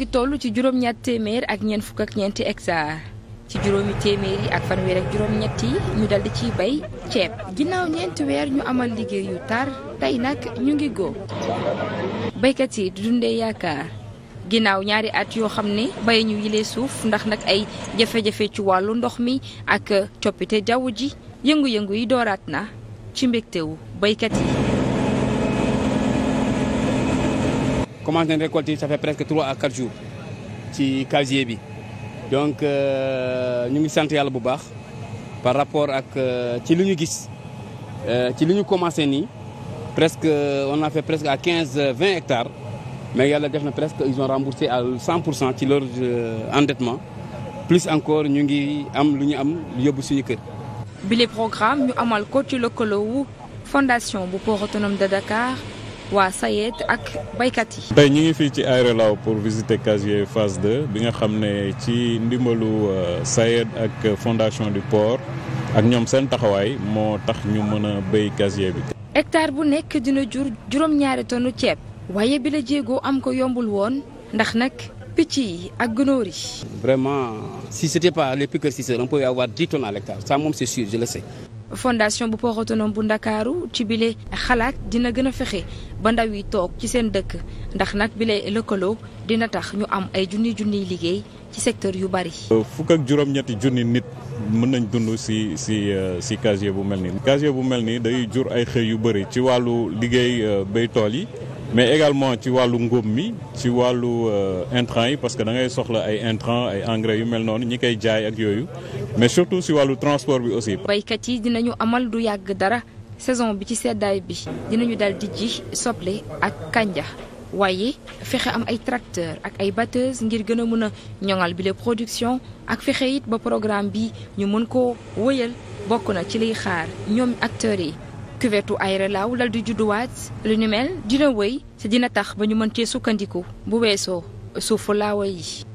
ngi toll ci juróom téeméer ak ñeent fukk ak ñeenti hectare ci juróomi téeméer ak fanweer ak juróom-ñett di ciy bay ceeb ginnaaw ñeenti weer ñu amal liggéey yu tar tey nag ñu ngi góob baykat yi di dundee yaakaar ginnaaw ñaari at yoo xam ne bay ñu yile suuf ndax nag ay jafe-jafe ci wàllu ndox mi ak coppite jaww ji yëngu-yëngu yi dooraat na ci mbégtewu baykat yi commencé ci casier bi donc euh, ñu ngi sant yàlla bu baax par rapport ak euh, ci li ñu gis euh, ci li ñu commencé nii presque on a fait quinze vingt hectares mais yàlla def na presque ils ont à cent cent ci leur endettement plus encore ñu ngi am lu ñu am yóbbu suñu kër. bile programme ñu amal ko ci lëkkaloowu fondation bu port autonome de Dakar. waa SAED ak baykat yi. tey ñu ngi fii ci aérolaw pour visiter casier phase 2 bi nga xam ne ci ndimbalu euh, SAED ak fondation du port ak ñoom seen taxawaay moo tax ñu mën a béy casier bi. hectare bu nekk dina jur juróom-ñaari tonu ceeb waaye bi la jéegoo am ko yombul woon ndax nag. picc yi ak gunóor yi. vraiment si c'était pas les piqueurs si on pouvait avoir dix tonnes à l'hectare moom c'est sûr je le fondation bu port autonome bu ndakaaru ci bile xalaat dina gën a fexe ba ndaw yi toog ci seen dëkk ndax nag bile lëkkaloo dina tax ñu am ay junni junniy liggéey ci secteur yu bari. fukk ak juróom-ñetti junni nit mën nañ dund si si euh, si casier bu mel nii. casier bu mel nii day jur ay xëy yu bëri ci wàllu liggéey euh, béy tool yi. mais également ci wàllu ngóob mi ci wàllu euh, intrants yi parce que da soxla ay intrants ay engrais yu mel noonu ñi koy jaay ak yooyu mais surtout ci wàllu transport bi aussi. baykat yi dinañu amal du yàgg dara saison bi ci seddaay bi dinañu daal di ji soble ak kanja waaye fexe am ay tracteur ak ay batteuse ngir gën a mën a ñoŋal bi les production ak fexe it ba programme bi ñu mën koo wëyal bokk na ci liy xaar ñoom acteurs yi. cuvettu ay relaaw lal di judduwaat lu ni mel dina woy te dina tax ba ñu mën cee sukkandiku bu weesoo suufu laawa yi